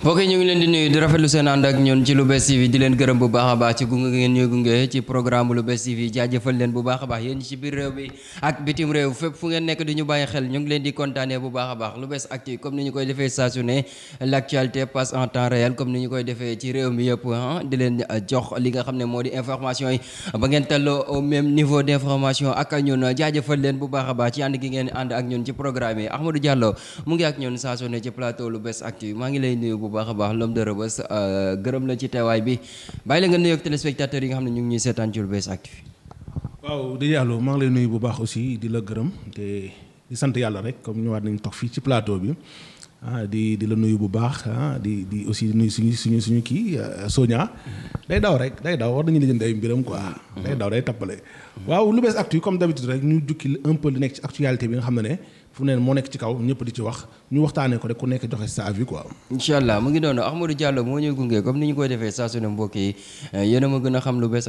mbokk yi ñu ngi leen di nuyu di rafetlu seen ànd ak ñun ci Lou'Bess TV leen gërëm bu baax a baax ci gunge ngeen ñuy gunge ci programme Lou'Bess TV jaajëfal biir réew bi ak bitim nekk di ñu bàyyi ngi leen di kontaanee bu baax a baax Lou'Bess Actu comme ni ñu koy defee saa su comme ni ñu koy defee ci réew mi yëpp ah euh, li nga xam ne moo di information yi ba ngeen talloo au même niveau d'information ak ñun bu baax a baax ci gi ngeen ànd ak ñun ci programme yi Ahmadou Diallo mu ngi ak ñun saa ci plateau Lou'Bess Actu maa ngi lay nuyu baax a baax l'homme de Rebeuss euh, gërëm la ci teewaay bi bàyyi la nga nuyoog téléspectateurs yi nga xam ne ñu ngi ñuy seetaan ci Lou'Bess Actu waaw di yàlla maa ngi lay nuyu bu baax aussi di la gërëm te sant yàlla rek comme ñëwaat nañu toog fii ci plateau bi ah di di la nuyu bu baax ah di di aussi di nuyu suñu suñu suñu kii euh, Sonia day daw rek day daw war nañu lijjanti ay mbiram ko day daw day tappale mm-hmm. waaw Lou'Bess Actu comme d'habitude rek ñu jukki un nekk ci actualité bi nga xam ne ne. fu neen moo nekk ci kaw ñëpp di ci wax ñu waxtaanee ko rek ku nekk joxe sa avis quoi. incha allah mu ngi doon Ahmadou Diallo moo ñu ne mbokk yi eh, yéen a ma gën a xam lu bees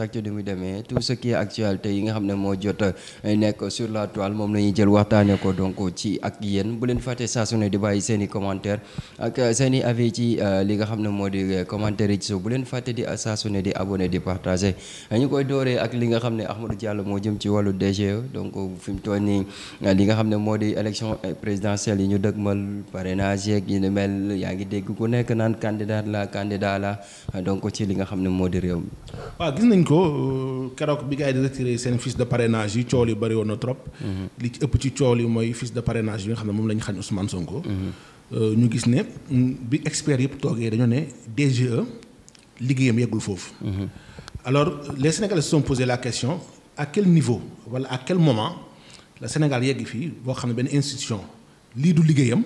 jël waxtaanee ko donc ci ak yéen bu leen fàtte saa di bàyyi seen i commentaire ak eh, seen i avis ci eh, li nga xam ne moo di commentaire yi ci suuf bu leen fàtte di saa di abonné di partagé koy dooree ak li nga xam ne Ahmadou Diallo moo jëm ci wàllu DGE donc fi mu toll nii li nga xam ne moo di élection présidentielle yi ñu dëgmal li nga xam ne moo di réew mi. waaw gis nañ ko euh, keroog de parrainage yi coow yi bëri woon na trop. Mhm. li ci ëpp ci coow yi mooy fiche de parrainage yi nga xam ne moom la ñu xañ Ousmane Sonko. Mhm. Euh, ñu gis ne mm, bi experts yëpp toogee dañoo ne DGE liggéeyam yeggul foofu. Mhm. alors les Sénégalais se sont la question à quel niveau wala à quel moment. la Sénégal yegg fii boo xam ne benn institution lii du liggéeyam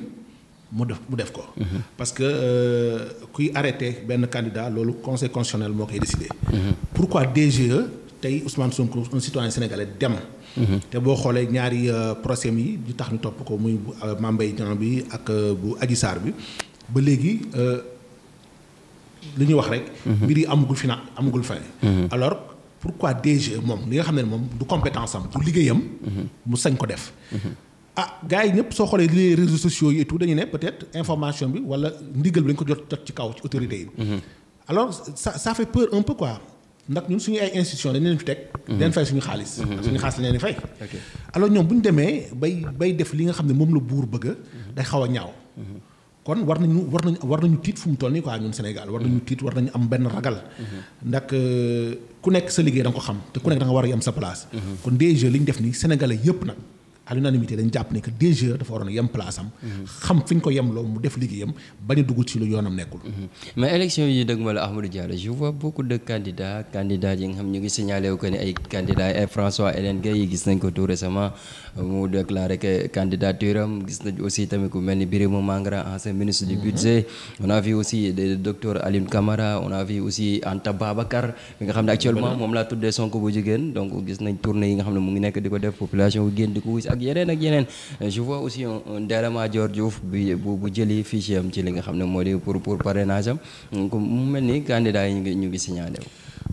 mu def mu def ko. Mhm. parce que euh, kuy arrêté benn candidat loolu conseil constitutionnel moo koy décidé. Mhm. pourquoi DGE tey Ousmane Sonko un citoyen sénégalais dem. Mhm. te boo xoolee ñaari euh, procès yi ñu tax ni topp ko muy bu euh, Mame Mbaye bi ak bu Adji Sarr bi ba léegi li ñuy wax rek. mbir yi amagul fina amagul fin. alors pourquoi DG moom li nga xam ne moom du compétence am du liggéeyam. Mm-hmm. mu sañ ko def. Mm-hmm. ah gars yi ñëpp soo xoolee les réseaux sociaux yi et dañu ne peut-être information bi walla ndigal bi dañ ko jot jot ci kaw ci autorité yi. Mm-hmm. alors ça ça fait peur un peu quoi. ndax ñun suñu ay institution dañ leen fi teg. leen fay suñu xaalis. suñu xaalis dañ leen fay. ñoom bu ñu demee bay bay def li nga xam ne moom la buur bëgg. day xaw a ñaaw. kon war nañu war nañu war nañu tiit fu mu toll nii quoi ñun Sénégal war nañu mm-hmm. tiit war nañu am benn ragal. Mm-hmm. ndax euh, ku nekk sa liggéey da ko xam te ku nekk da war a yem sa place. Mm-hmm. kon DG li ñu def nii sénégalais yëpp nag. à l'unanimité dañ jàpp ne que DG dafa waroon a yem place am. xam fi ñu ko yemloo mu def liggéeyam bañ a dugg ci lu yoonam nekkul. Mm-hmm. mais élection yi dëgg ma la Ahmadou Diallo je beaucoup de candidats candidats yi nga xam ni ay candidats ay François Hélène mm-hmm. ne mu ngi nekk di ko def population bu génn di ko yeneen ak yeneen je vois aussi un Ndella Madior Diouf bu bu jëli fichier am ci li nga xam ne moo di pour pour naa am mu mel ni candidat yi ñu ngi ñu ngi signalé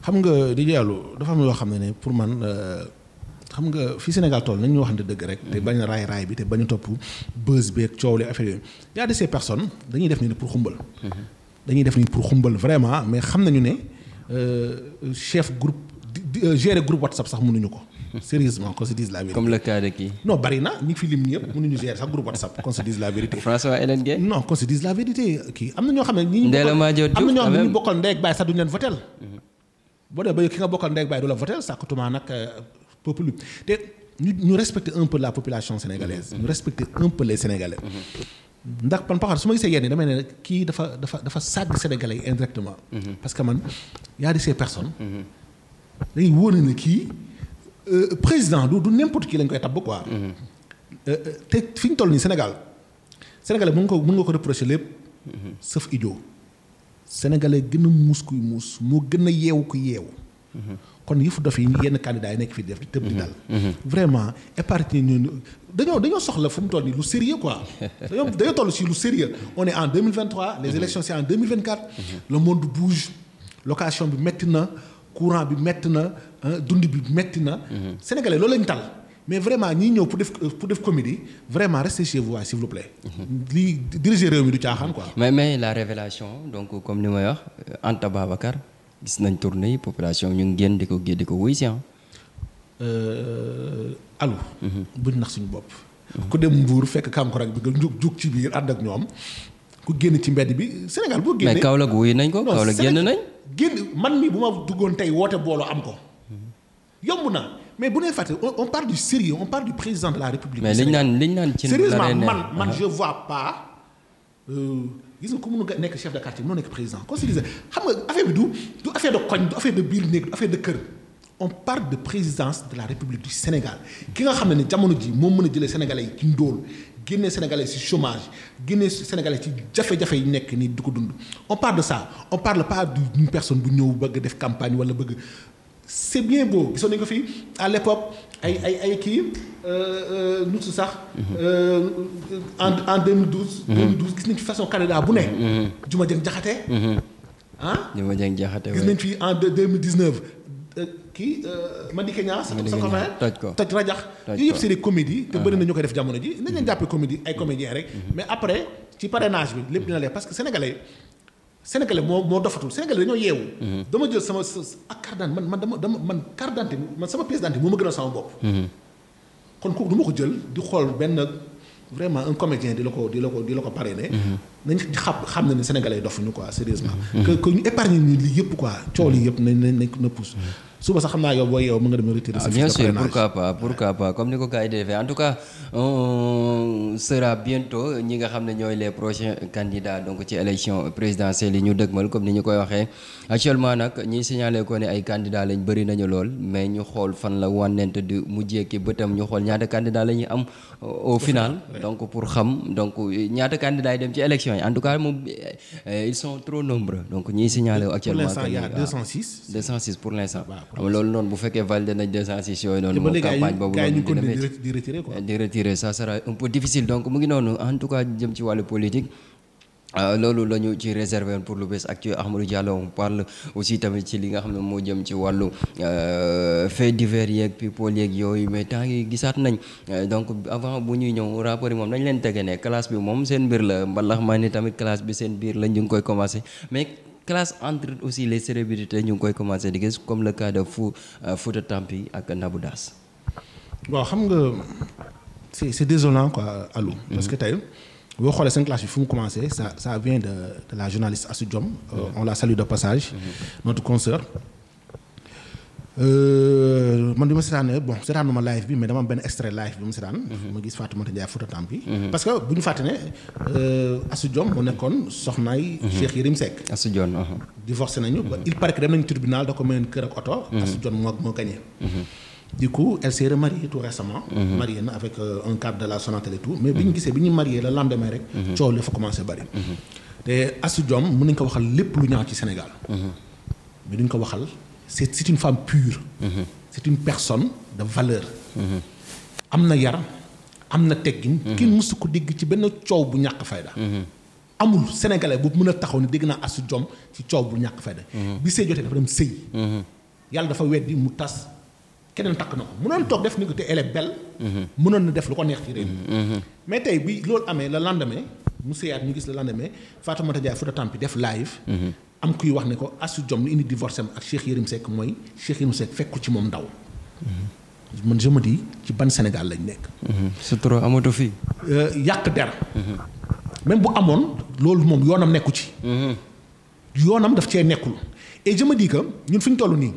xam nga di Diallo dafa am yoo xam ne ne pour man euh, xam nga fi Sénégal toll nañ ñu waxante dëgg rek. te bañ a raay raay bi te bañ a topp bi beeg coow li affaire yooyu y a de ces personnes dañuy def nii pour xumbal. Mm-hmm. dañuy def nii pour xumbal vraiment mais xam nañu ne euh, chef groupe di euh, gérer groupe WhatsApp sax mënuñu ko. sérieusement qu'on se dise la vérité. comme le cas de qui. non bari na sax groupe WhatsApp qu'on la vérité. François Hélène la vérité kii am na ñoo xam ne. ñu bokkal ndey ak sax duñu leen votel mhm. boo dee ba ki nga bokkal ndey ak du la votel sàkkatuma nag euh, peuple bi te ñu ñu respecter la population sénégalaise. Mhm. ñu respecter un peu les mhm. ndax man Paxar su ma gisee yenn yi damay ne kii dafa dafa sàgg sénégalais indirectement. parce a de Euh, président du du n'importe qui lañ koy tabb quoi. Mhm. Euh, euh, te fi ñu toll nii Sénégal sénégalais mën nga ko mën ko reprocher lépp. Mhm. sëf idiot. sénégalais gën a muus kuy muus moo gën a yeewu ku yeewu. Mhm. kon yëfu dof yi yenn candidats yi nekk fii def di tëb di dal. vraiment épargne ñun dañoo dañoo soxla fu mu toll nii lu sérieux quoi. dañoo dañoo toll si lu sérieux on en les élections c'est en 2024 monde bouge location bi métti na. courant bi métti na dund bi métti na. Mhm. sénégalais loolu lañ tal mais vraiment ñi ñëw pour def euh, pour def comédie vraiment restez chez vous ah, s'il vous plaît. Mhm. lii diriger réew mi du caaxaan quoi. mais mais la révélation donc comme ni may wax euh, Anta Babacar gis nañ tournée yi population ñu ngi di ko génn di ko wuy si ah. allo. Mhm. buñ nax suñu bopp. ku dem Mbour fekk Kankourang bi nga jug jug ci biir ànd ak ñoom ku génn ci mbedd bi Sénégal boo génnee mais Kaolack wuy nañ ko Kaolack génn nañ. génn man mii bu ma duggoon tey woote booloo am ko yomb na mais bu nee fàtte on parle du sérieux on parle du président de la République. mais liñ naan liñ naan ci sérieusement man man je vois pas. Euh, gis nga ku mun nekk chef de quartier mënoo nekk président considéré xam nga affaire bi du du affaire koñ du affaire de biir néeg du affaire de kër. on parle de présidence de la République du Sénégal ki nga xam ne ni jamono ji moo mën a jëlee sénégalais yi ci ndóol génnee sénégalais ci chômage génnee sénégalais ci jafe-jafe yi nekk nii du ko dund on parle de ça on parle pas d'une personne bu ñëw bëgg def campagne wala bëgg c'est bien beau gisoon nañu ko fii ay ay ay kii euh, euh, nut sax. Euh, en en 2012. 2012 mhm. gis nañ fi façon candidat bu ne. Mhm. Juma Jeng Jaxate. Mhm. ah Juma Jeng Jaxate gis nañ fi en deux 2019 kii euh, Madické Niang sa copain toj rajax yooyu yëpp c'est des comédies te bëri na ah. koy def jamono ji nañ leen jàppee comédie ay comédiens rek mhm. mais après ci parrainage bi lépp dina leer parce que sénégalais sénégalais moo moo dofatul sénégalais dañoo yeewu mhm. dama jël sama ak carte d'identité man man man carte d'identité man sama pièce d'identité moo ma gën mhm. ma ko jël di xool benn vraiment un comédien di ko di la ko di la ne sénégalais dofuñu quoi sérieusement que que ñu épargne ñu lii yëpp quoi coow lii yëpp nañ nañ nañ na pousse suba sax xam naa yow booy yow mën nga dem retirer ah, sa bien sûr yi ñi nga xam ne ñooy les prochains candidats donc ci élection présidentielle yi ñu dëgmal comme ni ñu koy waxee actuellement nag ñii signalé ko ne ay candidats lañ bëri nañu lool mais ñu xool fan la wànnent di mujjee ki bëtam ñu xool ñaata candidats la ñuy am euh, au final donc pour xam donc ñaata candidats yi dem ci élection yi en tout cas moom euh, ils sont trop nombreux donc ñiy signalé actuellement pour l'instant il y a 206 xam loolu noonu bu fekkee validé nañ deux cent six yooyu noonu. moom campagne boobu noonu dina métti di retirer quoi. di retirer ça sera difficile donc mu ngi noonu en tout cas jëm ci wàllu politique. Euh, loolu la ñu ci réservé pour lu bees ak ci Ahmadou Diallo on parle aussi tamit ci li nga xam ne moo jëm ci wàllu euh, fait divers yeeg people yeeg yooyu mais temps yi gisaat nañ euh, donc avant bu ñuy ñëw rapport yi moom nañ leen tege ne classe bi moom seen biir la mbalax ma ni tamit classe bi seen biir la ñu ngi koy commencé mais. classe entre aussi les célébrités ñu ngi koy commencé di gis comme le cas de Fou euh, Fouta Tampi ak Nabou Daas. waaw xam nga c' est c' est désolant quoi Alou. Mm-hmm. parce que tey boo xoolee seen classe bi fu mu commencé ça ça vient de de la journaliste Astou Diom. Euh, mm-hmm. on la salue de passage. Mm-hmm. notre consoeur. Euh, man bi ma seetaanee bon seetaanuma live bi mais dama benn extrait live bi ma seetaan. Mhm. ma gis Fatoumata Ndiaye Fouta Tampi. Mhm. parce que bu ñu fàtte ne euh, Asou moo nekkoon soxnaay. Mhm. Cheikh Yérim Seck. Asou Diom uh-huh. divorcé nañu. ba il paraît que dem nañu tribunal da ko mayoon kër ak oto. Asou Diom moo moo gagné. du coup elle s'est remariée tout na avec euh, un cadre de la Sonatel et tout mais bi ñu gisee bi ñu marié le lendemain rek. coow li fa commencé bari. te Asou Diom mën ko waxal lépp lu ñaaw ci Sénégal. mais duñ ko waxal. c'est c'est une femme pure. Mm-hmm. c'est une personne de valeur. Mm-hmm. am na yar am na teggin. Mm-hmm. kenn mësu ko dégg ci benn coow bu ñàkk fayda. amul sénégalais bu mën a taxaw ni dégg naa assu jom ci coow bu ñàkk fayda. bi sëy jotee dafa dem sëy. yàlla dafa weddi mu tas keneen takk na ko mënoon toog def ni ko te elle est belle. mënoon na def lu ko neex ci réew mi. mais tey bi loolu amee le lendemain mu sëyaat ñu gis le lendemain Fatoumata Ndiaye Fouta Tampi def live. am kuy wax ne ko Astou Diom lu indi divorce am ak Cheikh Yérim Seck mooy Cheikh Yérim Seck fekku ci moom ndaw. man je ci ban Sénégal lañ nekk. c'est trop amatu fi. Euh, yàq der. Mhm. même bu amoon loolu moom yoonam nekku ci. Mhm. yoonam daf cee nekkul. et je me dis que ñun fi ñu toll nii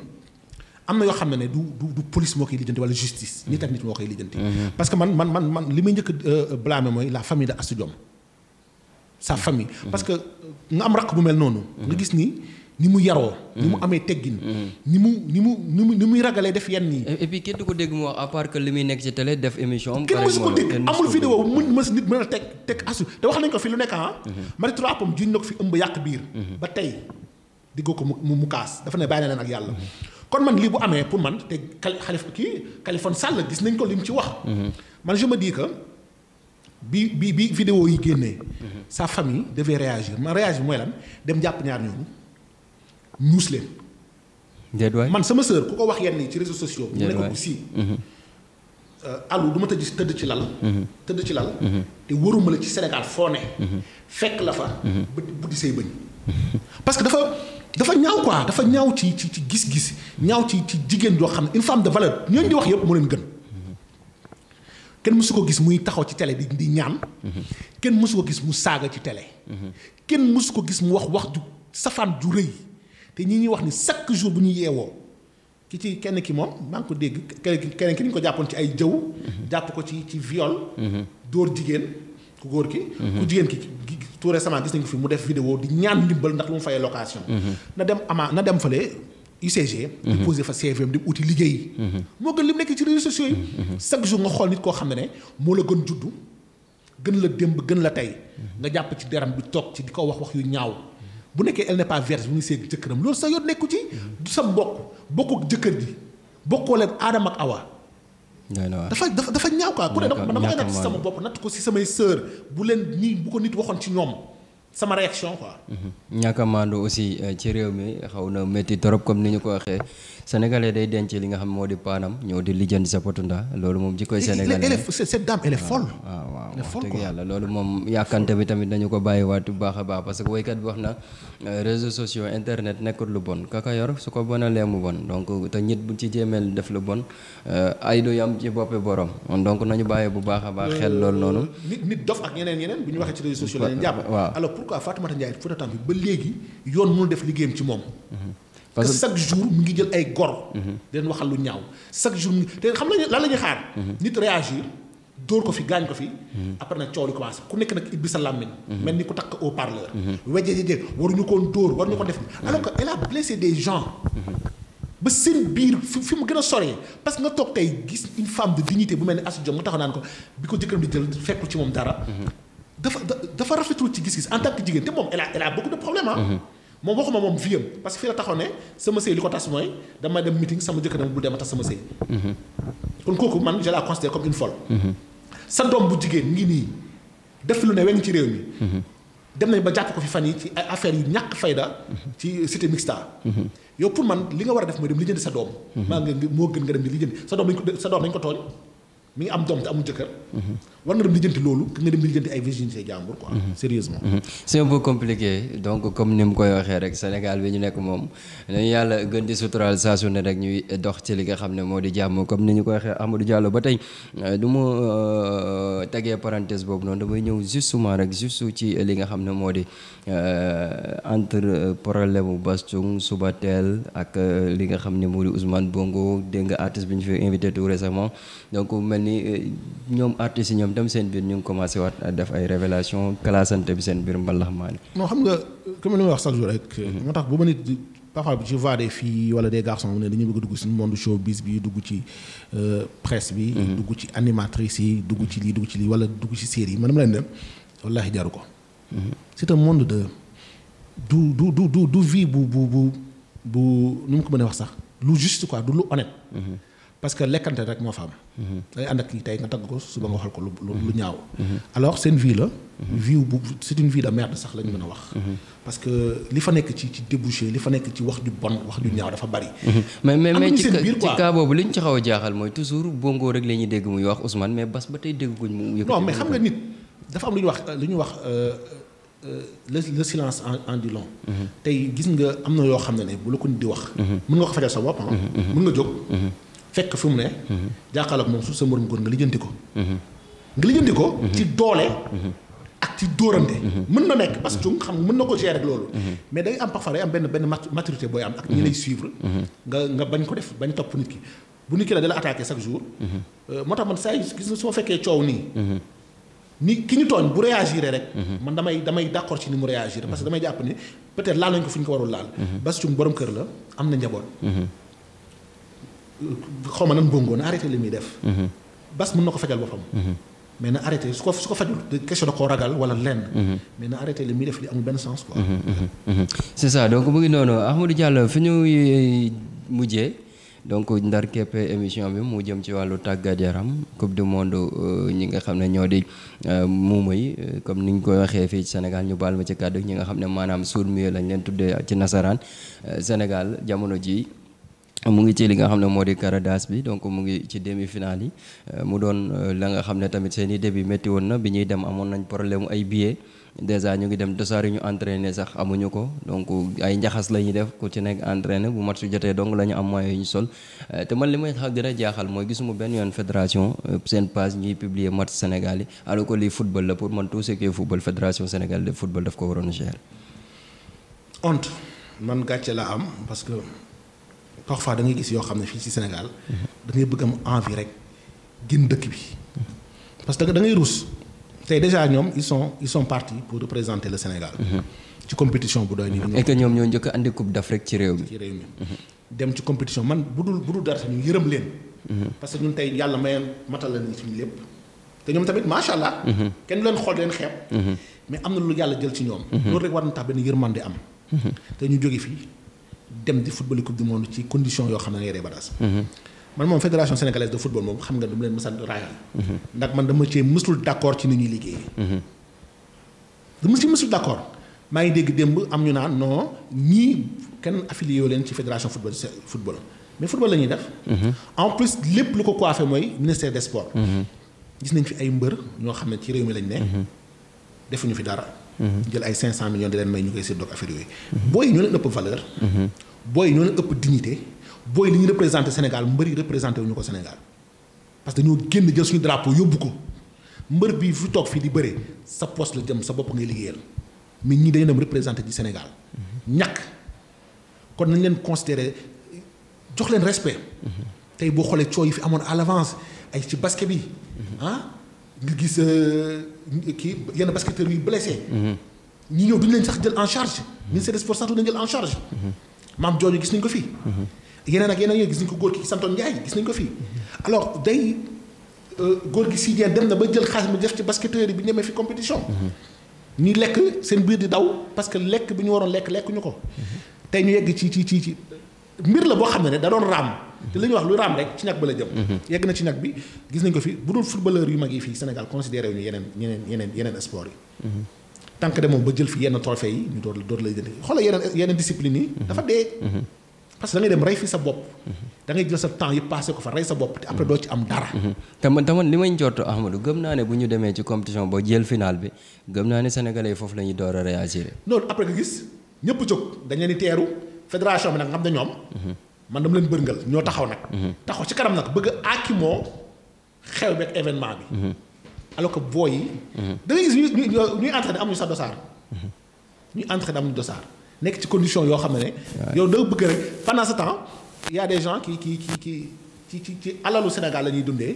am na yoo xam ne du du du police moo koy lijjanti wala justice. nit ak nit moo koy lijjanti. Mhm. parce que man man man man li may njëkk a euh, mooy la famille de Astou sa famille. parce que nga euh, am raq bu mel noonu. Mhm. nga gis ni ni mu yaroo. ni mu mhm. amee teggin. Mhm. ni mu ni mu ni mu ni muy ragalee def yenn yi. et puis dégg mu wax li muy nekk ci télé def émission am. kenn mësu ko dégg teg teg asu te wax nañ ko fi lu nekk ah. mari trois pom juñ na ko fi ëmb yàq biir. ba tey diggoo ko mu mu kaas dafa ne bàyyi na leen ak yàlla. kon man lii bu amee pour man te xalif kii Khalifa Sall gis nañ ko lim ci wax. man je bi bi bi vidéo yi génnee. sa famille devait réagir ma réagir mooy lan dem jàpp ñaar ñooñu ñuus leen. déedwaay man sama sœur ku ko wax yenn yi ci réseaux sociaux. mu ne ko bu sii. allo du ma tëdd ci tëdd ci lal. Mhm. tëdd ci lal. Mhm. te waruma la ci Sénégal foo ne. Mhm. fekk la fa. ba buddi say bëñ. parce dafa dafa ñaaw quoi dafa ñaaw ci ci ci gis-gis ñaaw ci ci jigéen joo xam ne une femme de valeur ñooñu di wax yëpp moo leen gën. kenn mësu ko gis muy taxaw ci télé bi di ñaan. Mhm. kenn mësu ko gis mu saaga ci tele mhm. kenn mësu ko gis mu wax wax ju safaan ju rëy te ñi ñuy wax ni chaque jour bu ñu yeewoo ki ci kenn ki moom maa ngi ko dégg keneen ki ñu ko jàppoon ci ay jëw. Mhm. jàpp ko ci ci viol. dóor jigéen ku góor ki. ku jigéen ki tout récemment gis nañu fi mu def vidéo di ñaan ndimbal ndax lu mu fayee location. na dem ama na dem fële. UCG. Mhm. di posé fa CVM di uti liggéey. Mhm. moo gën li mu nekk ci réseaux sociaux yi. Mhm. chaque jour nga xool nit koo xam ne ne moo la gën juddu gën la démb gën la tey nga jàpp ci deram bi toog ci di ko wax wax yu ñaaw. bu nekkee elle n'est pas vierge bu ñu seeg jëkkëram loolu sa yoon nekku ci. du sa mbokk bokku jëkkër ji bokkoo leen aadama ak awa. dafa dafa dafa ñaaw quoi. ku ne dama dama koy natt ci sama bopp natt ko ci samay sœur bu leen nii bu ko nit waxoon ci ñoom. sama réaction quoi. Mm-hmm. ñàkk a maandu aussi euh, ci réew mi xaw na métti trop comme ni ñu ko waxee sénégalais day denc li nga xam moo di paanam ñëw di lijjanti sa potunda loolu moom jikkoy sénégalais cette dame elle est folle. waaw waaw wax dëgg yàlla loolu moom yàkkante bi tamit dañu ko bàyyiwaat bu baax a baax parce que woykat bi wax na euh, réseaux sociaux internet nekkul lu bon kaka yor su ko bonalee mu bon donc te ñit bu ci jéemeel def lu bon euh, ay du yam ci boppi borom donc nañu bàyyi bu baax a baax. xel loolu noonu. pourquoi Fatoumata Ndiaye Fouta Tampi ba léegi yoon mënul def liggéeyam ci moom. parce que chaque jour mu ngi jël ay gor. Mhm. di leen waxal lu ñaaw chaque jour mu te xam nañu la ñuy xaar. Mhm. nit réagir dóor ko fi gaañ ko fi. Mhm. après nag coow li ku nekk nag ibbi sa làmmiñ. mel ni ku takk au parleur. wejje je waruñu ko dóor waruñu ko def. alors que elle a blessé des gens. ba seen biir fi mu gën a soree parce nga toog tey gis une femme de dignité bu mel ni Astou Diom nga dafa dafa rafetul ci gis-gis en tant que jigéen te moom elle a elle a beaucoup de problèmes ah. moom waxuma moom fii am parce fii la taxaw ne sama sëy li ko tas mooy dama dem meeting sama jëkkër mm-hmm. man je la considère mm-hmm. sa doom bu jigéen ngi nii def lu ne ci réew mi. dem nañ ba jàpp ko fi fan yi ci ay affaires yu ñàkk fayda ci cité mixta yow pour man li nga war a def mooy dem sa doom maa nga moo gën nga dem di li sa doom ko sa doom mi ngi am doom te amul jëkkër war nga dem lijjanti loolu ki nga dem lijjanti ay virginité jàmbur quoi. Mhm. sérieusement. Mhm. c'est un peu compliqué donc comme ni mu koy waxee rek Sénégal bi ñu nekk moom nañu yàlla gën di suturaal saa rek ñuy dox ci li nga xam ne moo di jàmm comme ni ñu koy waxee Amadou Diallo ba tey euh, du ma euh, tegee parenthèse boobu noonu damay ñëw justement rek juste ci li nga xam ne moo di euh, entre problème bu Bastung Subatel ak li nga xam ne moo di Ousmane Bongo dégg nga artiste bi ñu fi invité tout récemment donc mel ni ñoom artistes yi ñoom. dem seen biir ñu ngi commencé waat def ay révélation classante bi seen biir mbalax maani moo xam nga comme li ma wax chaque jour rek mhm. moo tax bu ma nit parfois je vois des filles wala des garçons mu ne dañu bëgg dugg ci monde showbiz bi dugg ci euh, presse bi mhm. dugg ci animatrice yi dugg ci lii dugg ci lii wala dugg ci série yi a dama leen dem wallaahi jaru ko mhm. c'est te monde de du du du du vie bu bu bu bu nu mu ko mën a wax sax lu juste quoi du lu honnête parce que lekkante rek moo fa am. Mhm. day ànd ak kii tey nga tagg ko suba nga waxal ko lu lu mhm. ñaaw. Mhm. alors seen vie la. vie bu c'est vie de merde sax lañ mën a wax. parce li fa nekk ci débouché li fa nekk ci wax ju bon wax ju ñaaw dafa bari. mais mais mais ci cas a jaaxal la ñuy dégg muy wax Ousmane mais Bass ba tey dégguñ mu yëkkati. mais xam nga nit dafa am lu wax lu wax. Euh, euh, le le silence en en tey gis nga am na yoo xam ne bu la ko nit di wax. mën nga ko fajal sa bopp ah. nga jóg. fekk fi mu ne. Mhm. jàkkaarloo ak moom su sa moroom góor nga lijjanti ko. Mhm. nga lijjanti ko. Mhm. ci doole. ak ci dóorante. mën na nekk parce que xam mën na ko gérer ak loolu. mais day am parfois day am benn benn maturité booy am. ak nga bañ ko def bañ topp nit ki bu nit ki la dala attaqué euh, moo tax man saa gis na soo fekkee coow nii. ki ñu tooñ bu réagir rek. man damay damay d'accord ci ni mu réagir parce jàpp ni peut-être laal nañ fi ñu ko warul laal. Bass Thioung borom kër la am na njaboot. xaw ma na arrêté li muy def. Mhm. bas mën na ko fajal boppam. Mhm. mais na arrêté su ko su ko wala lenn. Mhm. mais na arrêté li muy def li amul benn sens quoi. c'est ça donc mu ngi noonu Ahmadou Diallo fi ñu eh, mujjee donc ndar képp émission bi mu jëm ci wàllu tàggat yaram coupe du monde euh, ñi nga xam ne ñoo di euh, muuma yi euh, comme ni ñu koy waxee fii ci Sénégal ñu baal ma ci kàddu ñi nga xam ne maanaam suur mieux lañ leen tuddee ci nasaraan Sénégal jamono ji mu ngi ci li nga xam ne moo di Caradas bi donc mu ngi ci demi-finale yi euh, mu doon euh, la nga xam ne tamit seen i début métti woon na bi ñuy dem amoon nañ problème mu ay billets déjà ñu ngi dem dosaar yi ñu entraîné sax amuñu ko donc ay njaxas la ñuy def ku ci nekk entraîné bu match jotee donc lañu am moyens yu ñu sol euh, te man li may xaw a jaaxal mooy gisuma benn yoon fédération seen page ñuy publier match Sénégal yi alors que lii football la pour man tout ce qui est football fédération Sénégal de ko waroon gérer. parfois da ngay gis yoo xam ne fii ci Sénégal da ngay bëgg am envie rek génn dëkk bi parce que da ngay ruus tey déjà ñoom isson isson ils pour représenter le Sénégal. Mhm. ci compétition bu doy nii. et ñoom ñoo njëkk andi coupe d'Afrique rek ci réew mi dem ci compétition man bu dul bu dul dara ñu yërëm leen. Mhm. parce que ñun tey yàlla mayeen matal la ni lépp. te ñoom tamit macha allah. Mhm. kenn du leen xool leen xeeb. mais am na lu yàlla jël ci ñoom. loolu rek war na tax benn yërmande am. dem di football coupe du monde ci condition yoo xam ne da ngay badaas mhm. man moom fédération sénégalaise de football moom xam nga du leen mës a raayal mhm. ndax man dama cee mësul d' accord ci ni ñuy liggéeyee mhm. dama ci mësul d' maa ngi dégg démb am ñu naan non ñii kenn affilié yoo leen ci fédération football football mais football la ñuy def en plus lépp lu ko coiffé mooy ministère de sports gis nañ fi ay mbër ñoo xam ne ci réew mi lañ ne ñu fi dara Mm-hmm. jël ay 500 millions di leen may ñu koy séddoo ak affaire yooyu. Mm-hmm. booy yi ñoo leen ëpp valeur. Mm-hmm. booy yi ñoo leen ëpp dignité. booy li ñu représenté Sénégal mbëri représenté wu ñu ko Sénégal parce que dañoo génn jël suñu drapeau yóbbu ko mbër bii fu toog fii di bëre sa poste la jëm sa bopp ngay liggéeyal mais ñii dañu dem représenté ci Sénégal. ñàkk kon nañ leen considéré jox leen respect. tey boo xoolee coow yi fi amoon à l'avance ay ci basket bi ah? nga gis euh, kii yenn basketteurs yu blessé. Mhm. ñi ñëw duñu leen sax jël en charge. ministère des sports sax du leen jël en charge. Mhm. maam jooju gis nañ ko fii. Mhm. yeneen ak yeneen yooyu gis nañ ko góor ki santoon Ndiaye gis nañ ko fii. alors day euh, góor gi Sidien dem na ba jël xaalis ma def ci basketteurs yi bi ñemee fi compétition. ñi lekk seen biir di daw parce que lekk bi ñu waroon lekk lekk ñu ko. tey ñu yegg ci ci ci ci mbir la boo xam ne da doon raam. te li ñuy wax lu raam rek ci ñag ba la jëm mhm. yegg na ci ñag bi gis nañ ko fi bu dul footballeur yu mag yi fii Sénégal considéré wu ñu yeneen yeneen yeneen yeneen sport mhm. fi yenn trophée yi ñu door la lay jënd xoolal yeneen yeneen discipline yi mhm. dafa dee parce que da ngay dem rey fi sa bopp da ngay jël sa temps yëpp passé ko fa rey sa bopp te après doo ci am dara te man taman li may njort Ahmadou gëm naa ne bu ñu demee ci compétition ba jël final bi gëm naa ne sénégalais yi foofu lañuy door a réagir loolu après nga gis ñëpp jóg dañ leen bi nag xam na ñoom man dama leen bërngal ñoo taxaw nag. Mhm. taxaw ci kanam nag bëgg a aakimoo xew beeg événement bi. Mhm. alors que booy yi. Mhm. da ngay gis ñuy ñuy entraîné amuñu sax dosaar. ñuy entraîné amuñu dosaar nekk ci condition yoo xam ne. yow da bëgg rek pendant ce temps y a des gens qui qui qui ci ci ci alalu Sénégal la ñuy dundee.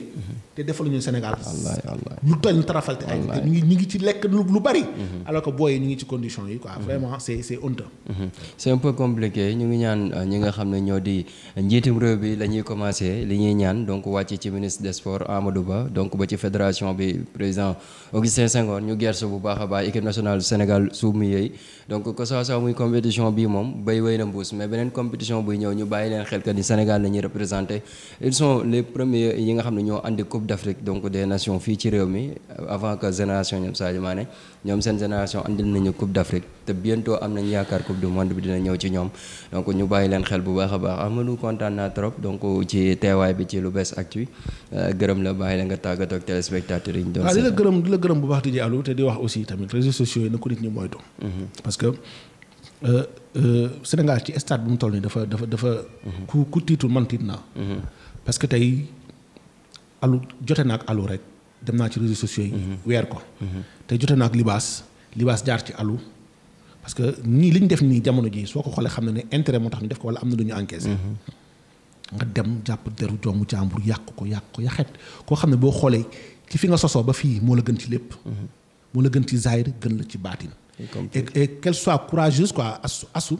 te defaluñu Sénégal. wallaay wallaay ñu tooñ tarafalte ay nit ñu ngi ci lekk lu bari. Mhm. alors que booy ñu ngi ci condition yi quoi. Mhm. vraiment c'est c'est honteux. Mhm. un peu compliqué ñu ngi ñaan euh, ñi nga xam ne ñoo di njiitum réew bi la ñuy commencer li ñuy ñaan donc wàcc ci ministre de sports Amadou Ba donc ba ci fédération bi président Augustin Senghor ñu gersu bu baax a baax équipe nationale Sénégal su mi yooyu donc que ça soit muy compétition bii moom bay wéy na mbuus beneen compétition buy ñëw ñu bàyyi leen xel que ni Sénégal la ñuy représenter ils sont les premiers yi nga xam ne ñoo andi Coupe d'Afrique donc de nations fii ci réew mi avant que génération ñoom Sadio Mané ñoom seen génération andil nañu Coupe d'Afrique te bientôt am nañ yaakaar Coupe du monde bi dina ñëw ci ñoom donc ñu bàyyi leen xel bu baax a baax Amadou kontaan naa trop donc ci teewaay bi ci Lou'Bess Actu euh, gërëm la bàyyi la nga tàggatoo ak téléspectateurs yi ñu doon. waaw ah, di la di la gërëm bu baax di Alou te di wax aussi tamit mhm. parce que euh, euh, Sénégal ci stade bu mu toll dafa dafa dafa. Mhm. ku ku tiitu man tiit naa. Mhm. parce que tey alu jote naak alu rek dem naa ci réseaux sociaux yi. Mhm. weer ko. Mhm. tey jote ak libaas libaas jaar ci alu. parce que nii li ñu def nii jamono ji soo ko xoolee xam na ne intérêt moo tax ñu def ko wala am na lu ñu encaissé. Mhm. nga dem jàpp deru joomu jàmbur yàq ko yàq ko yaxet koo xam ne boo xoolee ci fi nga sosoo ba fii moo la gën ci lépp. moo la gën ci zaahir gën la ci baatin. et et qu'elle soit courageuse quoi asu asu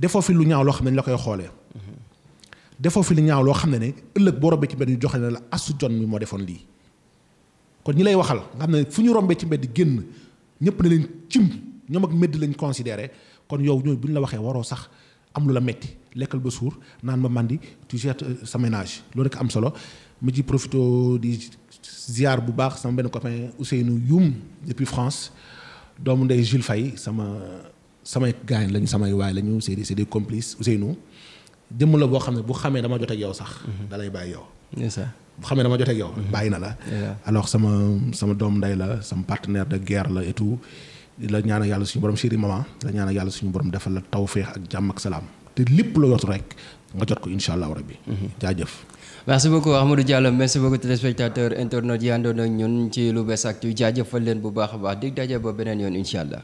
defoo fi lu ñaaw loo xam ne la koy xoolee. defoo fi li ñaaw loo xam ne ne ëllëg boo rombee ci mbedd ñu joxe ne la asu jon mi moo defoon lii kon ñi lay waxal nga xam ne fu ñu rombee ci mbedd génn ñëpp ne leen cim ñoom ak mbedd lañ considéré kon yow ñooñu bu ñu la waxee waroo sax am lu la metti lekkal ba suur naan ba màndi tu gères euh, sa am solo mu ci profité di ziar bu baax sama benn copain Ousseynou Youm depuis France doomu ndey Jules Faye sama samay gaañ lañu samay waay lañu c'est des complices Ousseynou jëmm la boo xam ne bu xamee dama jot ak yow sax. Mhm. da lay bàyyi yow. bu xamee dama jot yow. Mhm. bàyyi na la. alors sama sama doom nday la sama partenaire de guerre la et la ñaanal yàlla suñu borom chéri maman di la ñaanal yàlla suñu borom defal la tawféex ak jàmm ak salaam te lépp loo yor rek nga jot ko incha allahu bi mhm. jaajëf. merci beaucoup Amadou Diallo merci beaucoup téléspectateurs internautes yi àndoon ak ñun ci Lou'Bess Actu jaajëfal leen bu baax a baax dig daje ba beneen yoon incha